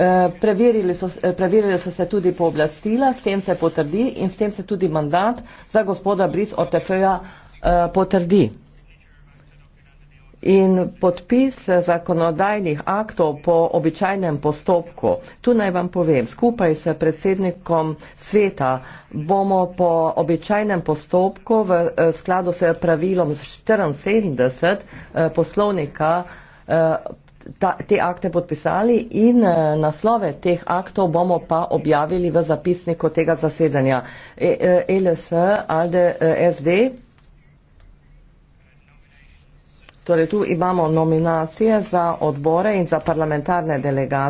Eh, preverili so, eh, preverili so se tudi pooblastila, s tem se potrdi in s tem se tudi mandat za gospoda Bris Ortefeja eh, potrdi. In podpis zakonodajnih aktov po običajnem postopku, tu naj vam povem, skupaj s predsednikom sveta bomo po običajnem postopku v skladu s pravilom 74 poslovnika ta, te akte podpisali in e, naslove teh aktov bomo pa objavili v zapisniku tega zasedanja. E, e, LS, ALDE, e, eh, SD. Torej, tu imamo nominacije za odbore in za parlamentarne delegacije.